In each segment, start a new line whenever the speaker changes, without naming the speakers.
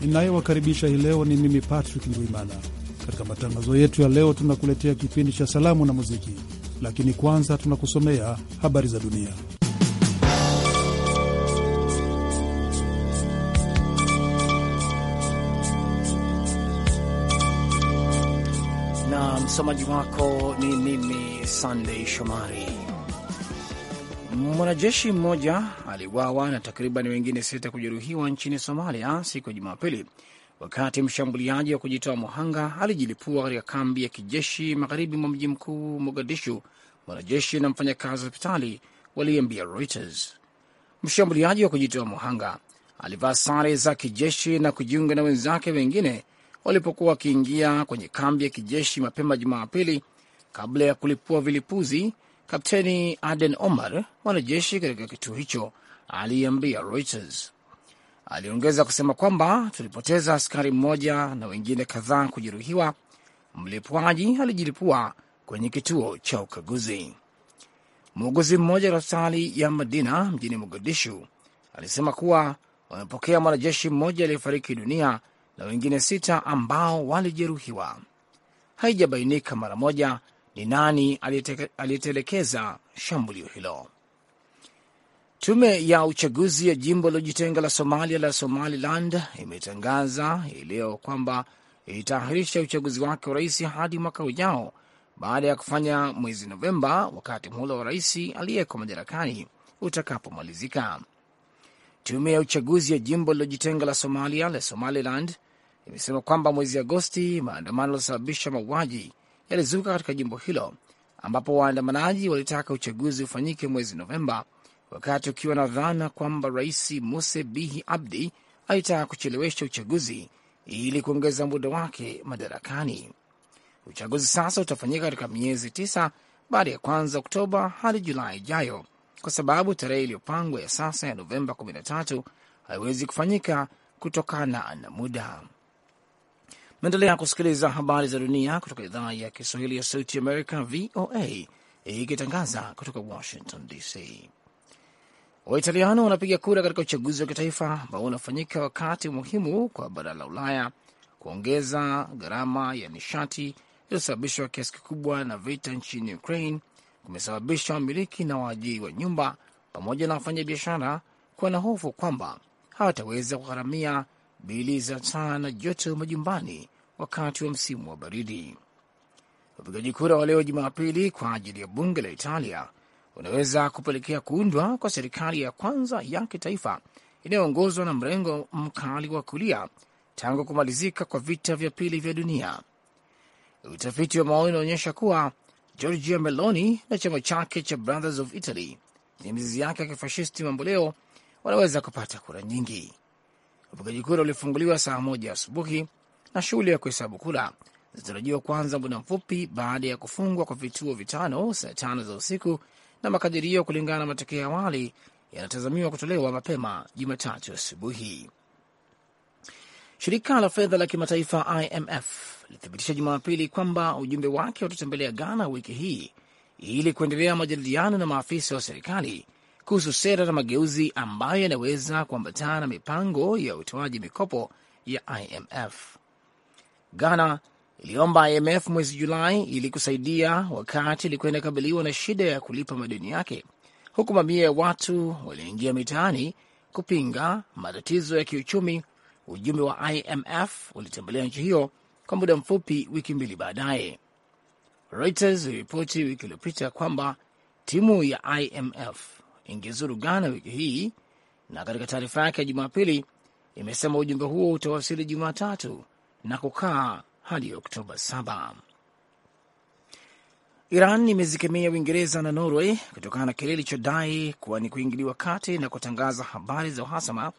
ninayewakaribisha hii leo ni mimi Patrick Ndwimana. Katika matangazo yetu ya leo, tunakuletea kipindi cha salamu na muziki, lakini kwanza tunakusomea habari za dunia.
Na msomaji wako ni mimi sandey Shomari. Mwanajeshi mmoja aliwawa na takriban wengine sita kujeruhiwa nchini Somalia siku ya Jumapili wakati mshambuliaji wa kujitoa muhanga alijilipua katika kambi ya kijeshi magharibi mwa mji mkuu Mogadishu. Mwanajeshi na mfanyakazi wa hospitali waliambia Reuters. Mshambuliaji wa kujitoa muhanga alivaa sare za kijeshi na kujiunga na wenzake wengine walipokuwa wakiingia kwenye kambi ya kijeshi mapema Jumapili kabla ya kulipua vilipuzi Kapteni Aden Omar, mwanajeshi katika kituo hicho, aliambia Reuters. Aliongeza kusema kwamba tulipoteza askari mmoja na wengine kadhaa kujeruhiwa. Mlipwaji alijilipua kwenye kituo cha ukaguzi. Muuguzi mmoja wa hospitali ya Madina mjini Mogadishu alisema kuwa wamepokea mwanajeshi mmoja aliyefariki dunia na wengine sita ambao walijeruhiwa. Haijabainika mara moja ni nani aliyetelekeza shambulio hilo. Tume ya uchaguzi ya jimbo lilojitenga la Somalia la Somaliland imetangaza hii leo kwamba itaahirisha uchaguzi wake wa rais hadi mwaka ujao baada ya kufanya mwezi Novemba, wakati muhula wa rais aliyeko madarakani utakapomalizika. Tume ya uchaguzi ya jimbo lilojitenga la Somalia la Somaliland imesema kwamba mwezi Agosti maandamano yalisababisha mauaji yalizuka katika jimbo hilo ambapo waandamanaji walitaka uchaguzi ufanyike mwezi Novemba, wakati ukiwa na dhana kwamba Rais Muse Bihi Abdi alitaka kuchelewesha uchaguzi ili kuongeza muda wake madarakani. Uchaguzi sasa utafanyika katika miezi tisa baada ya kwanza Oktoba hadi Julai ijayo, kwa sababu tarehe iliyopangwa ya sasa ya Novemba 13 haiwezi kufanyika kutokana na muda. Meendelea kusikiliza habari za dunia kutoka idhaa ya Kiswahili ya Sauti Amerika, VOA, ikitangaza kutoka Washington DC. Waitaliano wanapiga kura katika uchaguzi wa kitaifa ambao unafanyika wakati muhimu kwa bara la Ulaya kuongeza gharama ya nishati iliyosababishwa kiasi kikubwa na vita nchini Ukraine kumesababisha wamiliki na waajiri wa nyumba pamoja na wafanyabiashara kuwa na hofu kwamba hawataweza kugharamia bili za taa na joto majumbani wakati wa msimu wa baridi. Upigaji kura wa leo Jumapili kwa ajili ya bunge la Italia unaweza kupelekea kuundwa kwa serikali ya kwanza ya kitaifa inayoongozwa na mrengo mkali wa kulia tangu kumalizika kwa vita vya pili vya dunia. Utafiti wa maoni unaonyesha kuwa Giorgia Meloni na chama chake cha Brothers of Italy chenye mizizi yake ya kifashisti mamboleo wanaweza kupata kura nyingi. Upigaji kura ulifunguliwa saa moja asubuhi na shughuli ya kuhesabu kura zinatarajiwa kuanza muda mfupi baada ya kufungwa kwa vituo vitano saa tano za usiku, na makadirio kulingana na matokeo ya awali yanatazamiwa kutolewa mapema Jumatatu asubuhi. Shirika la fedha la kimataifa IMF lilithibitisha Jumapili kwamba ujumbe wake utatembelea Ghana wiki hii ili kuendelea majadiliano na maafisa wa serikali kuhusu sera na mageuzi ambayo yanaweza kuambatana na mipango ya utoaji mikopo ya IMF. Ghana iliomba IMF mwezi Julai ili kusaidia wakati ilikuwa inakabiliwa na shida ya kulipa madeni yake, huku mamia ya watu waliingia mitaani kupinga matatizo ya kiuchumi. Ujumbe wa IMF ulitembelea nchi hiyo kwa muda mfupi wiki mbili baadaye. Reuters iliripoti wiki iliyopita kwamba timu ya IMF ingezuru Ghana wiki hii, na katika taarifa yake ya Jumapili imesema ujumbe huo utawasili Jumatatu na kukaa hadi Oktoba saba. Iran imezikemea Uingereza na Norway kutokana na kile ilichodai kuwa ni kuingiliwa kati na kutangaza habari za uhasama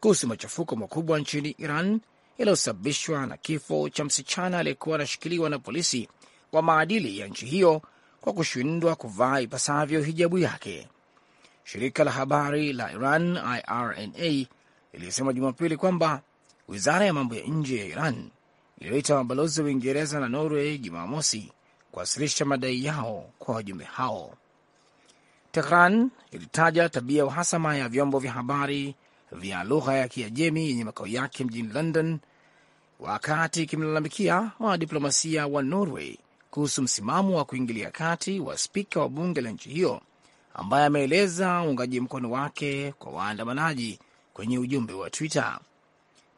kuhusu machafuko makubwa nchini Iran yaliyosababishwa na kifo cha msichana aliyekuwa anashikiliwa na polisi kwa maadili ya nchi hiyo kwa kushindwa kuvaa ipasavyo hijabu yake. Shirika la habari la Iran IRNA ilisema Jumapili kwamba wizara ya mambo ya nje ya Iran iliyoita mabalozi wa Uingereza na Norway Jumamosi kuwasilisha madai yao kwa wajumbe hao. Tehran ilitaja tabia uhasama ya vyombo vya habari vya lugha ya Kiajemi yenye makao yake mjini London wakati ikimlalamikia mwanadiplomasia wa Norway kuhusu msimamo wa kuingilia kati wa spika wa bunge la nchi hiyo ambaye ameeleza uungaji mkono wake kwa waandamanaji kwenye ujumbe wa Twitter.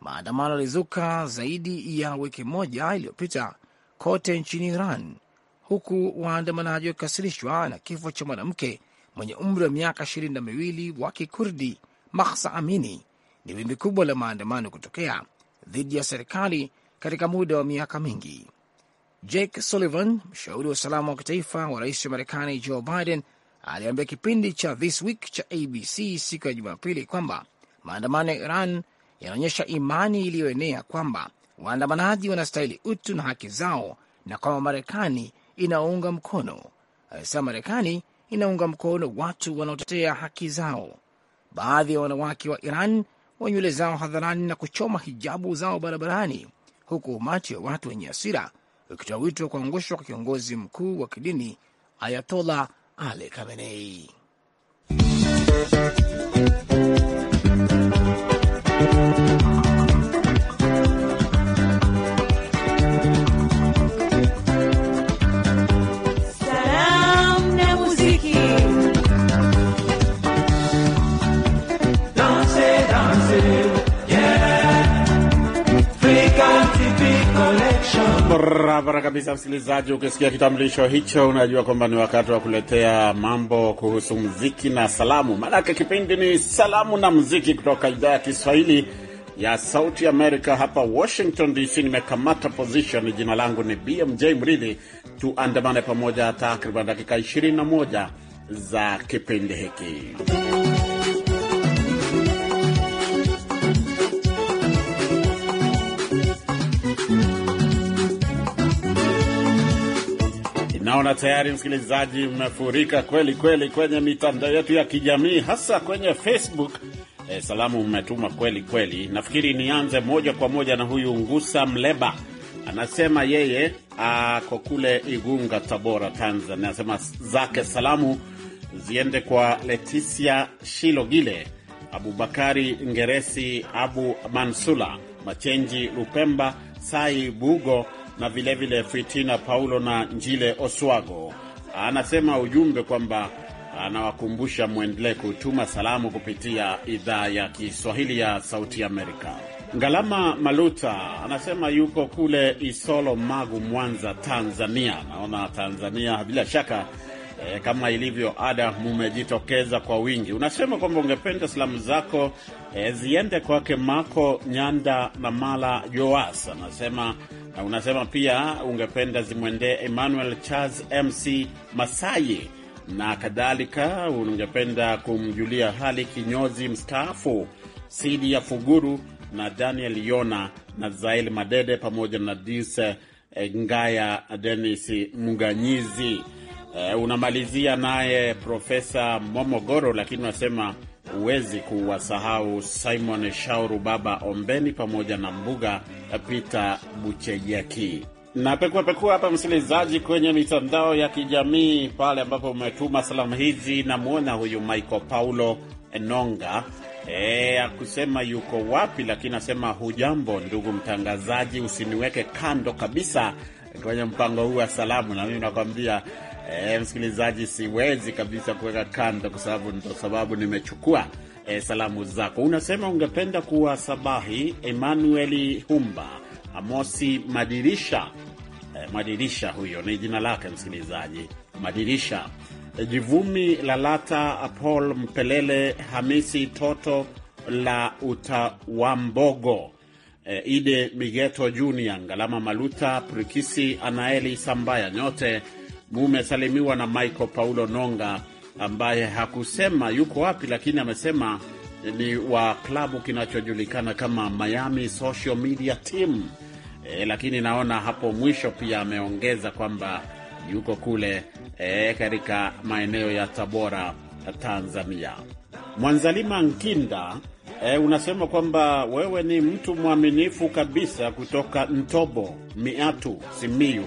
Maandamano yalizuka zaidi ya wiki moja iliyopita kote nchini Iran, huku waandamanaji wakikasirishwa na kifo cha mwanamke mwenye umri wa miaka ishirini na miwili wa Kikurdi, Mahsa Amini. Ni wimbi kubwa la maandamano kutokea dhidi ya serikali katika muda wa miaka mingi. Jake Sullivan, mshauri wa usalama wa kitaifa wa rais wa Marekani Joe Biden, aliambia kipindi cha This Week cha ABC siku ya Jumapili kwamba maandamano ya Iran yanaonyesha imani iliyoenea kwamba waandamanaji wanastahili utu na haki zao na kwamba Marekani inaunga mkono. Alisema Marekani inaunga mkono watu wanaotetea haki zao. Baadhi ya wanawake wa Iran wa nywele zao hadharani na kuchoma hijabu zao barabarani, huku umati wa watu wenye hasira ukitoa wito wa kuangushwa kwa kiongozi mkuu wa kidini Ayatollah ali Khamenei.
Barabara kabisa, msikilizaji, ukisikia kitambulisho hicho unajua kwamba ni wakati wa kuletea mambo kuhusu mziki na salamu. Maanake kipindi ni salamu na mziki kutoka idhaa ya Kiswahili ya Sauti Amerika hapa Washington DC. Nimekamata position, jina langu ni BMJ Mridhi. Tuandamane pamoja takriban dakika 21 za kipindi hiki. Naona tayari msikilizaji, mmefurika kweli kweli kwenye mitandao yetu ya kijamii, hasa kwenye Facebook. E, salamu mmetuma kweli kweli. Nafikiri nianze moja kwa moja na huyu Ngusa Mleba, anasema yeye ako kule Igunga, Tabora, Tanzania. Anasema zake salamu ziende kwa Leticia Shilogile, Abubakari Ngeresi, Abu Mansula Machenji Lupemba, Sai Bugo na vilevile fritina Paulo na Njile Oswago. Anasema ujumbe kwamba anawakumbusha mwendelee kutuma salamu kupitia idhaa ya Kiswahili ya Sauti Amerika. Ngalama Maluta anasema yuko kule Isolo, Magu, Mwanza, Tanzania. Naona Tanzania bila shaka e, kama ilivyo ada mumejitokeza kwa wingi. Unasema kwamba ungependa salamu zako e, ziende kwake Mako Nyanda na Mala Joas. Anasema Unasema pia ungependa zimwendee Emmanuel Charles Mc Masai na kadhalika. Ungependa kumjulia hali kinyozi mstaafu Sidi ya Fuguru na Daniel Yona na Zail Madede pamoja na Dise eh, Ngaya Denis Muganyizi. Uh, eh, unamalizia naye Profesa Momogoro, lakini unasema huwezi kuwasahau Simon Shauru, Baba Ombeni pamoja na Mbuga Peter Buchejeki. Na pekua pekua hapa, msikilizaji, kwenye mitandao ya kijamii pale ambapo umetuma salamu hizi, namwona huyu Michael Paulo Enonga e, akusema yuko wapi, lakini asema hujambo ndugu mtangazaji, usiniweke kando kabisa kwenye mpango huu wa salamu, na mimi nakwambia E, msikilizaji, siwezi kabisa kuweka kando, kwa sababu ndo sababu nimechukua e, salamu zako. Unasema ungependa sabahi Emmanueli Humba, Amosi Madirisha. E, Madirisha huyo ni jina lake msikilizaji, Madirisha e, Jivumi Lalata, Paul Mpelele, Hamisi Toto la Utawambogo, e, Ide Migeto Junior, Ngalama Maluta, Prikisi Anaeli Sambaya, nyote mumesalimiwa na Michael Paulo Nonga ambaye hakusema yuko wapi, lakini amesema ni wa klabu kinachojulikana kama Miami Social Media Team. E, lakini naona hapo mwisho pia ameongeza kwamba yuko kule e, katika maeneo ya Tabora, Tanzania. Mwanzalima Nkinda e, unasema kwamba wewe ni mtu mwaminifu kabisa kutoka Ntobo Miatu, Simiyu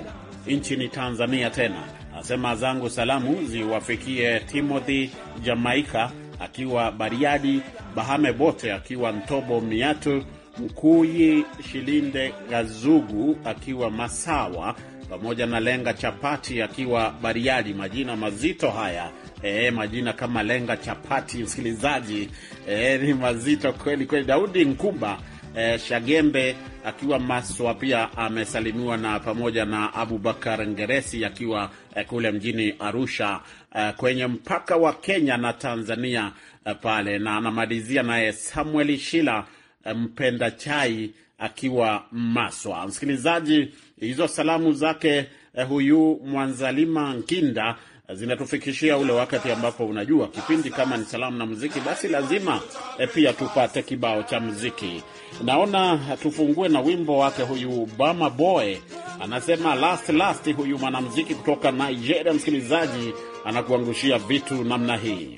nchini Tanzania tena. nasema zangu salamu ziwafikie Timothy Jamaika akiwa Bariadi, Bahame Bote akiwa ntobo Miatu, Mkuyi Shilinde Gazugu akiwa Masawa, pamoja na Lenga Chapati akiwa Bariadi. Majina mazito haya e, majina kama Lenga Chapati, msikilizaji e, ni mazito kweli kweli. Daudi Nkumba eh, Shagembe akiwa Maswa pia amesalimiwa na pamoja na Abubakar Ngeresi akiwa eh, kule mjini Arusha eh, kwenye mpaka wa Kenya na Tanzania eh, pale na anamalizia naye Samuel Shila eh, mpenda chai akiwa Maswa. Msikilizaji, hizo salamu zake eh, huyu Mwanzalima Nkinda zinatufikishia ule wakati ambapo unajua kipindi kama ni salamu na muziki, basi lazima e, pia tupate kibao cha muziki. Naona tufungue na wimbo wake huyu Bama Boy anasema last last. Huyu mwanamuziki kutoka Nigeria, msikilizaji, anakuangushia vitu namna hii.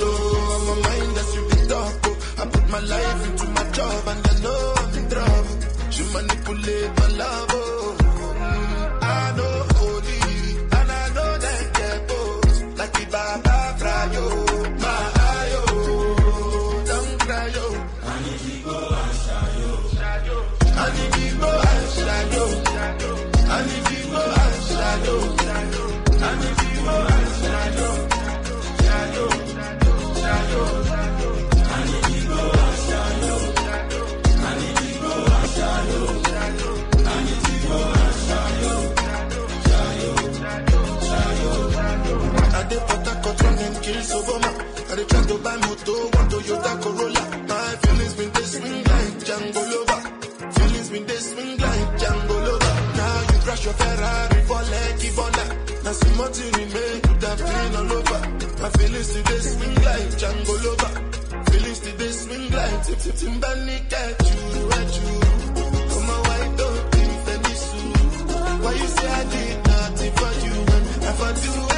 no. my mind that's you be tough, oh. I put my life into my job and I know I'm in trouble. She manipulate my love, oh. Chris Obama. I dey try to buy moto, one Toyota Corolla. My feelings been they swing like Django Lover. Feelings been they swing like Django Lover. Now you crash your Ferrari for Lucky Bona. Now see what you remain could have been all over. My feelings today swing like Django Lover. Feelings today swing like Tip Tip Timbani Cat. You, at you. Oh my white dog, Tiffany Sue. Why you say I did nothing for you? when I do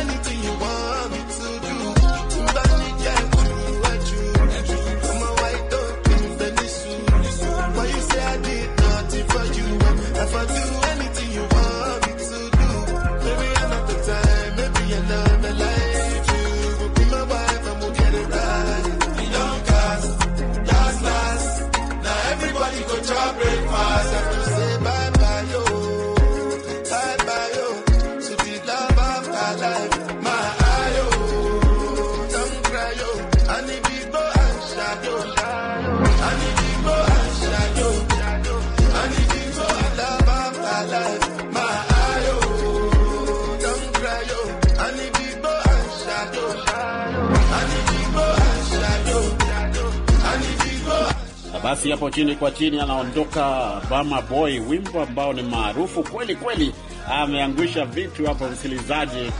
basi hapo chini kwa chini anaondoka Bama Boy, wimbo ambao ni maarufu kweli kweli, ameangusha vitu hapo msikilizaji.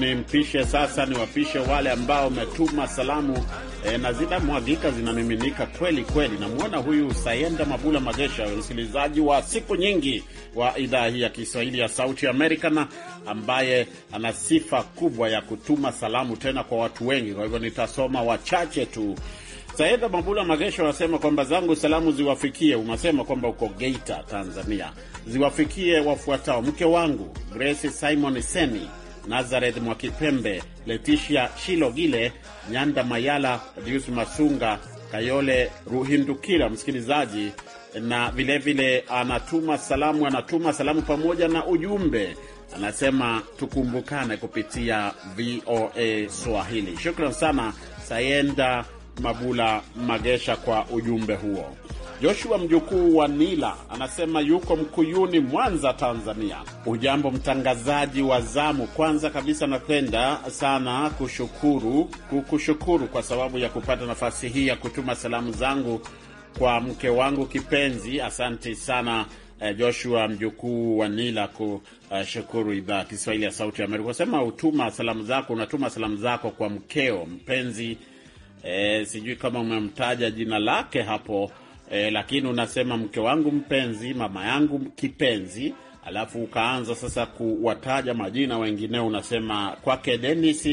E, mpishe sasa, niwapishe wale ambao umetuma salamu e, na zinamwagika zinamiminika kweli kweli. Namwona huyu Sayenda Mabula Magesha, msikilizaji wa siku nyingi wa idhaa hii ya Kiswahili ya Sauti Amerika, na ambaye ana sifa kubwa ya kutuma salamu tena kwa watu wengi, kwa hivyo nitasoma wachache tu. Sayenda Mabula Magesho anasema kwamba zangu salamu ziwafikie, unasema kwamba uko Geita, Tanzania, ziwafikie wafuatao: mke wangu Grace Simon Seni Nazareth Mwakipembe, Leticia Shilogile, Nyanda Mayala, Dius Masunga, Kayole Ruhindukira, msikilizaji na vilevile vile anatuma salamu, anatuma salamu pamoja na ujumbe, anasema tukumbukane kupitia VOA Swahili. Shukran sana Sayenda Mabula Magesha kwa ujumbe huo. Joshua mjukuu wa Nila anasema yuko Mkuyuni, Mwanza, Tanzania. Ujambo mtangazaji wa zamu. Kwanza kabisa napenda sana kushukuru kukushukuru kwa sababu ya kupata nafasi hii ya kutuma salamu zangu kwa mke wangu kipenzi. Asante sana eh, Joshua mjukuu wa Nila kushukuru idhaa ya Kiswahili ya Sauti ya Amerika. Sema utuma salamu zako, unatuma salamu zako kwa mkeo mpenzi. E, sijui kama umemtaja jina lake hapo e, lakini unasema mke wangu mpenzi, mama yangu kipenzi, alafu ukaanza sasa kuwataja majina wengineo, unasema kwake denis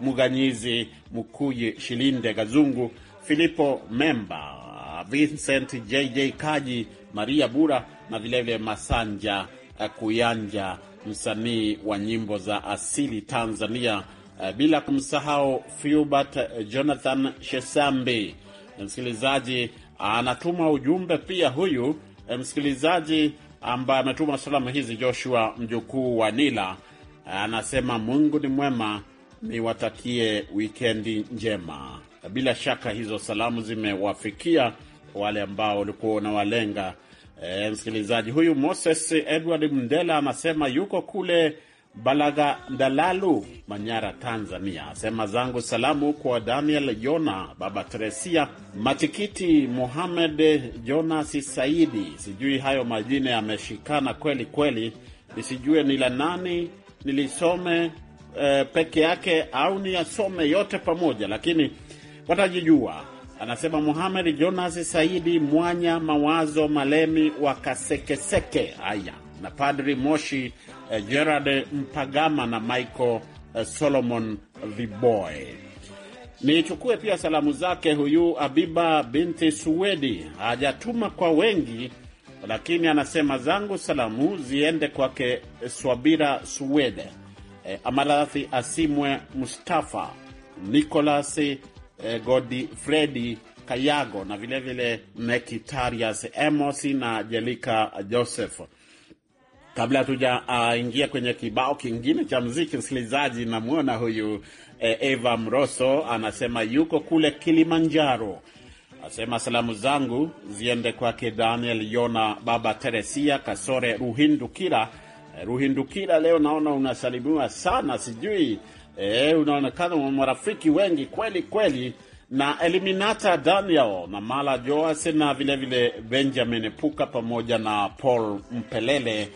Muganyizi, Mkuyi Shilinde, Gazungu Filipo, Memba Vincent, JJ Kaji, Maria Bura na vilevile Masanja eh, Kuyanja, msanii wa nyimbo za asili Tanzania, eh, bila kumsahau Fubert Jonathan Shesambi. Msikilizaji, anatuma ujumbe pia huyu eh, msikilizaji ambaye ametuma salamu hizi, Joshua mjukuu wa Nila, anasema Mungu ni mwema, niwatakie wikendi njema. Bila shaka hizo salamu zimewafikia wale ambao ulikuwa unawalenga. E, eh, msikilizaji huyu Moses Edward Mndela anasema yuko kule Balaga Dalalu, Manyara, Tanzania, asema zangu salamu kwa Daniel Jona, Baba Teresia Matikiti, muhamed Jonasi Saidi. Sijui hayo majina yameshikana kweli kweli, nisijue ni la nani, nilisome eh, peke yake au niyasome yote pamoja, lakini watajijua. Anasema muhamed jonas Saidi Mwanya Mawazo Malemi wa Kasekeseke. Haya na Padri Moshi eh, Gerard Mpagama na Michael eh, Solomon Viboy. Nichukue pia salamu zake huyu Abiba binti Suwedi, hajatuma kwa wengi, lakini anasema zangu salamu ziende kwake Swabira Suwede, eh, Amalathi Asimwe, Mustafa Nicolas, eh, Godifredi Kayago na vilevile Mekitarias Emosi na Jelika Joseph. Kabla hatujaingia uh, kwenye kibao kingine cha mziki, msikilizaji, namwona huyu eh, Eva Mroso anasema yuko kule Kilimanjaro, asema salamu zangu ziende kwake Daniel Yona, Baba Teresia Kasore Ruhindukira. Eh, Ruhindukira, leo naona unasalimiwa sana, sijui eh, unaonekana marafiki wengi kweli kweli na Eliminata Daniel na Mala Joas na vilevile Benjamin Puka pamoja na Paul Mpelele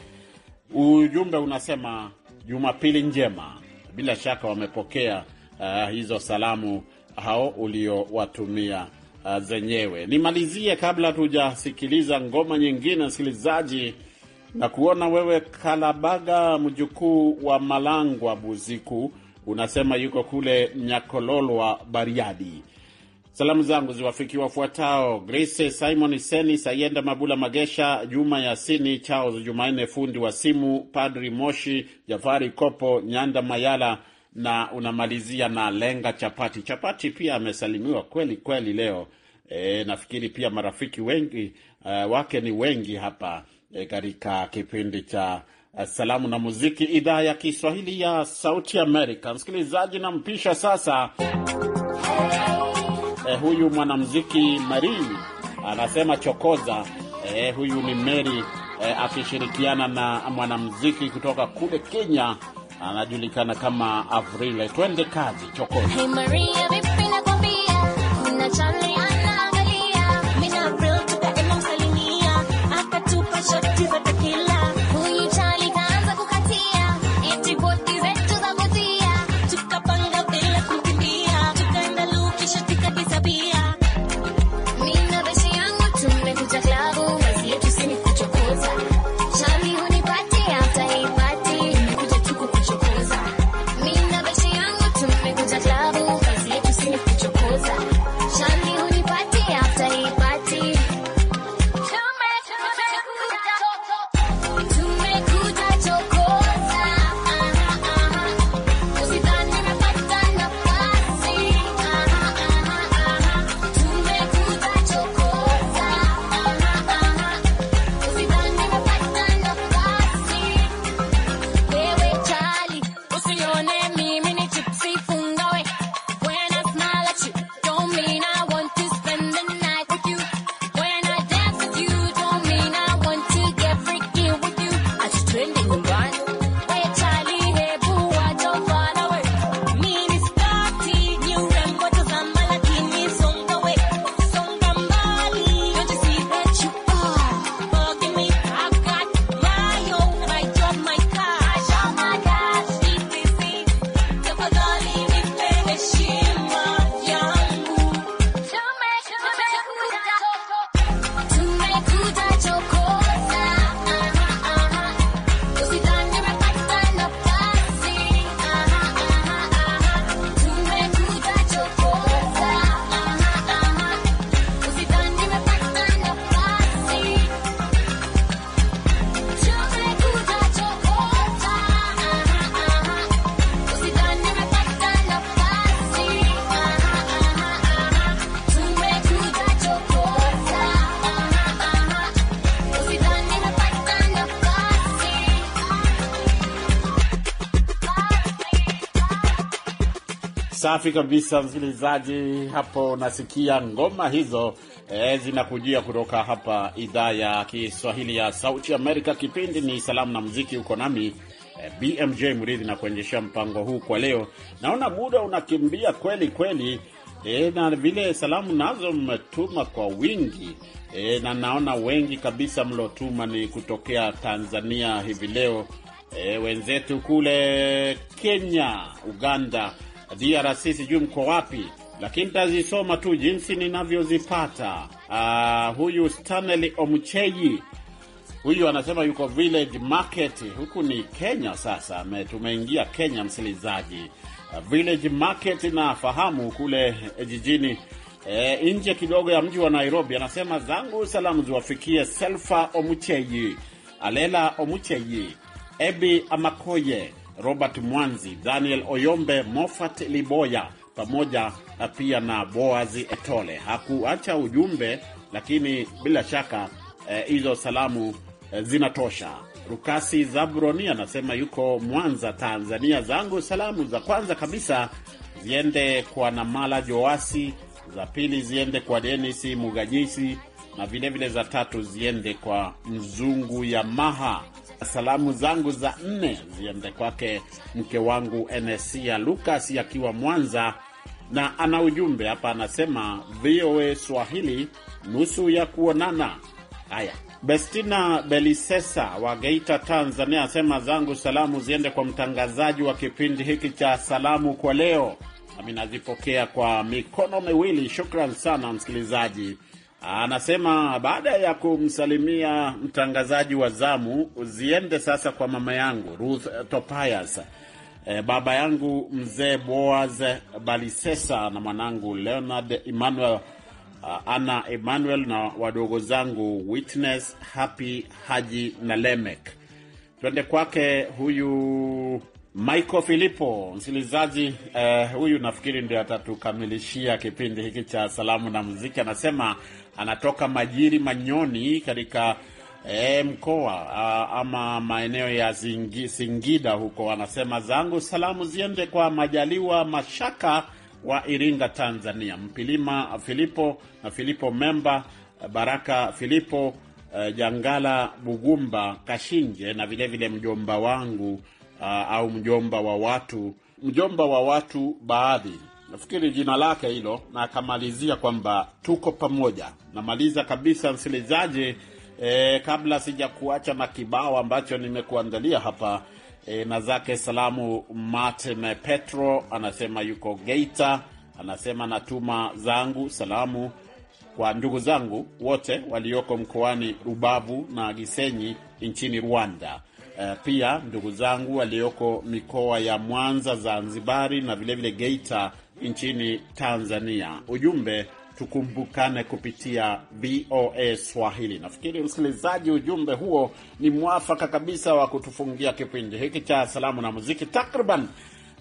Ujumbe unasema Jumapili njema. Bila shaka wamepokea uh, hizo salamu hao uliowatumia uh, zenyewe. Nimalizie kabla tujasikiliza ngoma nyingine, msikilizaji, na kuona wewe Kalabaga, mjukuu wa Malangwa Buziku, unasema yuko kule Nyakololwa, Bariadi. Salamu zangu ziwafikie wafuatao: Grace Simon Seni, Sayenda Mabula Magesha, Juma Yasini, Charles Jumanne fundi wa simu, Padri Moshi, Jafari Kopo, Nyanda Mayala na unamalizia na Lenga Chapati. Chapati pia amesalimiwa kweli kweli leo. E, nafikiri pia marafiki wengi uh, wake ni wengi hapa e, katika kipindi cha e, salamu na muziki idhaa ya Kiswahili ya Sauti Amerika. Msikilizaji nampisha sasa eh, huyu mwanamuziki Marii anasema chokoza. Eh, huyu ni Mary eh, akishirikiana na mwanamuziki kutoka kule Kenya anajulikana kama Avril. Twende kazi, chokoza. Hey Maria, Safi kabisa, msikilizaji, hapo unasikia ngoma hizo e, zinakujia kutoka hapa idhaa ya Kiswahili ya Sauti Amerika. Kipindi ni Salamu na Muziki, uko nami e, BMJ Mridhi na kuendesha mpango huu kwa leo. Naona muda unakimbia kweli kweli, e, na vile salamu nazo mmetuma kwa wingi e, na naona wengi kabisa mlotuma ni kutokea Tanzania hivi leo e, wenzetu kule Kenya, Uganda DRC sijui mko wapi, lakini tazisoma tu jinsi ninavyozipata. Uh, huyu Stanley Omcheji huyu anasema yuko village market, huku ni Kenya. Sasa tumeingia Kenya, msikilizaji. Uh, village market nafahamu kule eh, jijini E, nje kidogo ya mji wa Nairobi. Anasema zangu salamu ziwafikie Selfa Omucheji, Alela Omucheji, Ebi Amakoye, Robert Mwanzi, Daniel Oyombe, Moffat Liboya pamoja pia na Boazi Etole. Hakuacha ujumbe, lakini bila shaka eh, hizo eh, salamu eh, zinatosha. Rukasi Zabroni anasema yuko Mwanza, Tanzania. Zangu salamu za kwanza kabisa ziende kwa Namala Joasi, za pili ziende kwa Denis Muganyisi na vilevile vile za tatu ziende kwa Mzungu ya maha Salamu zangu za nne ziende kwake mke wangu Enesia lukas akiwa Mwanza, na ana ujumbe hapa, anasema VOA Swahili nusu ya kuonana. Haya, Bestina Belisesa wa Geita, Tanzania asema zangu salamu ziende kwa mtangazaji wa kipindi hiki cha salamu kwa leo, nami nazipokea kwa mikono miwili. Shukran sana msikilizaji Anasema baada ya kumsalimia mtangazaji wa zamu, ziende sasa kwa mama yangu Ruth Topias, e, baba yangu mzee Boaz Balisesa na mwanangu Leonard Emmanuel, Ana Emmanuel na wadogo zangu Witness, Happy, Haji na Lemek. Twende kwake huyu Michael Filipo msikilizaji Uh, huyu nafikiri ndio atatukamilishia kipindi hiki cha salamu na muziki. Anasema anatoka Majiri Manyoni katika e, mkoa a, ama maeneo ya zingi, Singida huko, anasema zangu salamu ziende kwa Majaliwa Mashaka wa Iringa Tanzania, Mpilima Filipo na Filipo Memba, Baraka Filipo e, Jangala Bugumba Kashinje na vilevile vile mjomba wangu a, au mjomba wa watu mjomba wa watu baadhi nafikiri jina lake hilo, na akamalizia kwamba tuko pamoja. Namaliza kabisa msikilizaji, e, kabla sijakuacha na kibao ambacho nimekuandalia hapa e, na zake salamu. Martin Petro anasema yuko Geita, anasema natuma zangu salamu kwa ndugu zangu wote walioko mkoani Rubavu na Gisenyi nchini Rwanda. Uh, pia ndugu zangu walioko mikoa ya Mwanza, Zanzibari na vilevile vile Geita nchini Tanzania. Ujumbe tukumbukane kupitia VOA Swahili. Nafikiri msikilizaji, ujumbe huo ni mwafaka kabisa wa kutufungia kipindi hiki cha salamu na muziki. Takriban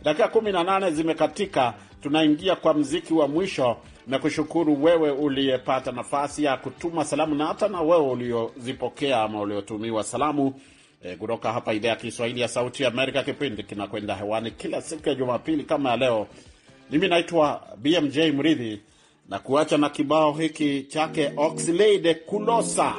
dakika kumi na nane zimekatika, tunaingia kwa mziki wa mwisho na kushukuru wewe uliyepata nafasi ya kutuma salamu na hata na wewe uliozipokea ama uliotumiwa salamu e, kutoka e, hapa idhaa ya Kiswahili ya Sauti ya Amerika. Kipindi kinakwenda hewani kila siku ya Jumapili kama ya leo mimi naitwa BMJ Mridhi na kuacha na kibao hiki chake Oxlade Kulosa.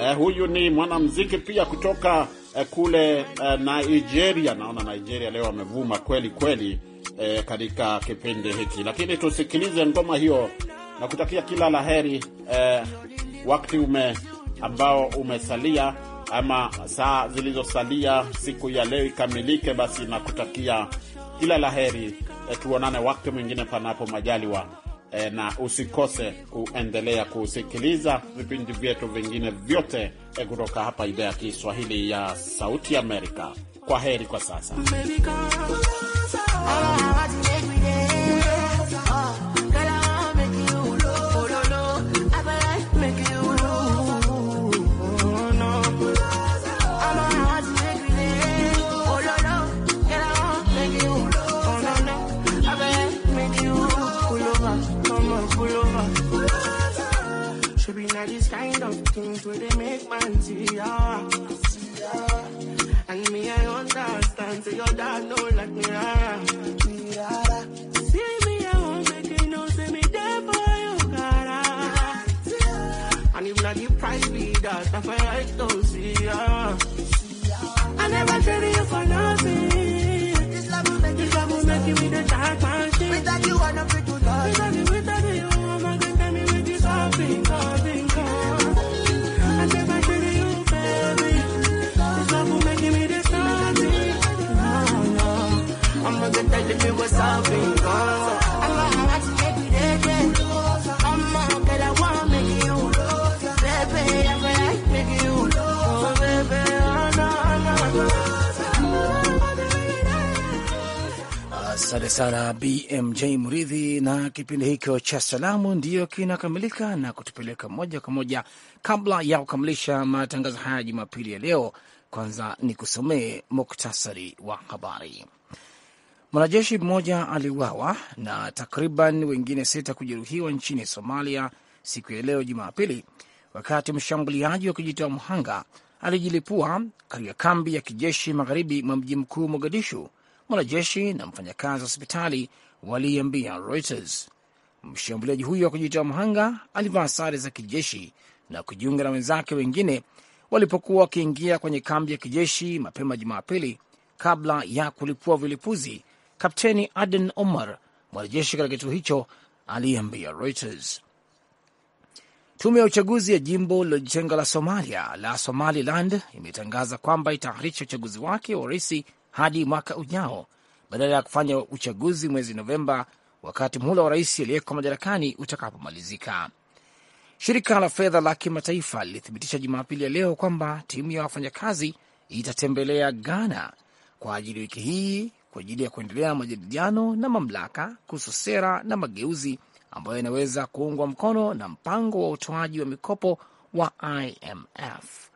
Eh, huyu ni mwanamuziki pia kutoka eh, kule eh, Nigeria. Naona Nigeria leo amevuma kweli kweli eh, katika kipindi hiki, lakini tusikilize ngoma hiyo na kutakia kila heri eh, wakati ume ambao umesalia ama saa zilizosalia siku ya leo ikamilike, basi nakutakia kila la heri. E, tuonane wakati mwingine panapo majaliwa e, na usikose kuendelea kusikiliza vipindi vyetu vingine vyote e, kutoka hapa idhaa ya Kiswahili ya Sauti Amerika. Kwa heri kwa sasa.
be not this kind of things where they make man see ah. ya. And me, I understand, so your dad know like me. Ah. See me, I won't make it no, See me there for you, cara. Ah. And if not, you price me that, I like don't see ya. Ah. I never traded you for nothing. This love will make you, this love will make you me the dark machine. Without you, I'm not free to love. Without you, without you.
Asante sana BMJ Mridhi, na kipindi hicho cha salamu ndiyo kinakamilika na kutupeleka moja kwa moja. Kabla ya kukamilisha matangazo haya Jumapili ya leo, kwanza ni kusomee muktasari wa habari. Mwanajeshi mmoja aliuawa na takriban wengine sita kujeruhiwa nchini Somalia siku ya leo Jumapili, wakati mshambuliaji wa kujitoa mhanga alijilipua katika kambi ya kijeshi magharibi mwa mji mkuu Mogadishu. Mwanajeshi na mfanyakazi wa hospitali waliambia Reuters mshambuliaji huyo wa kujitoa mhanga alivaa sare za kijeshi na kujiunga na wenzake wengine walipokuwa wakiingia kwenye kambi ya kijeshi mapema Jumapili kabla ya kulipua vilipuzi Kapteni Aden Omar, mwanajeshi katika kituo hicho, aliambia Reuters. Tume ya uchaguzi ya jimbo lilojitenga la Somalia la Somaliland imetangaza kwamba itaahirisha uchaguzi wake wa rais hadi mwaka ujao badala ya kufanya uchaguzi mwezi Novemba wakati muhula wa rais aliyeko madarakani utakapomalizika. Shirika la fedha la kimataifa lilithibitisha Jumapili ya leo kwamba timu ya wafanyakazi itatembelea Ghana kwa ajili wiki hii kwa ajili ya kuendelea na majadiliano na mamlaka kuhusu sera na mageuzi ambayo yanaweza kuungwa mkono na mpango wa utoaji wa mikopo wa IMF.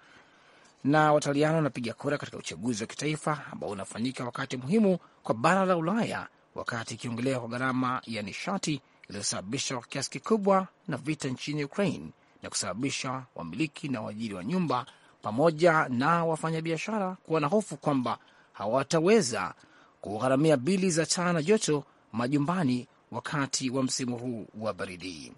Na Wataliano wanapiga kura katika uchaguzi wa kitaifa ambao unafanyika wakati muhimu kwa bara la Ulaya, wakati ikiongelea kwa gharama ya nishati iliyosababishwa kwa kiasi kikubwa na vita nchini Ukraine na kusababisha wamiliki na waajiri wa nyumba pamoja na wafanyabiashara kuwa na hofu kwamba hawataweza kugharamia bili za taa na joto majumbani wakati wa msimu huu wa baridi.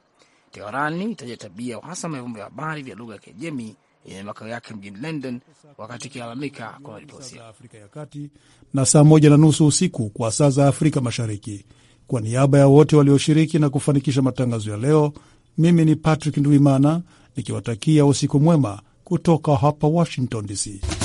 Teherani itaja tabia uhasama ya vyombo vya habari vya lugha ya Kiajemi yenye makao yake mjini London wakati ikilalamika kwa ripoti ya Afrika ya Kati
na saa moja na nusu usiku kwa saa za Afrika Mashariki. Kwa niaba ya wote walioshiriki na kufanikisha matangazo ya leo, mimi ni Patrick Ndwimana nikiwatakia usiku mwema kutoka hapa Washington DC.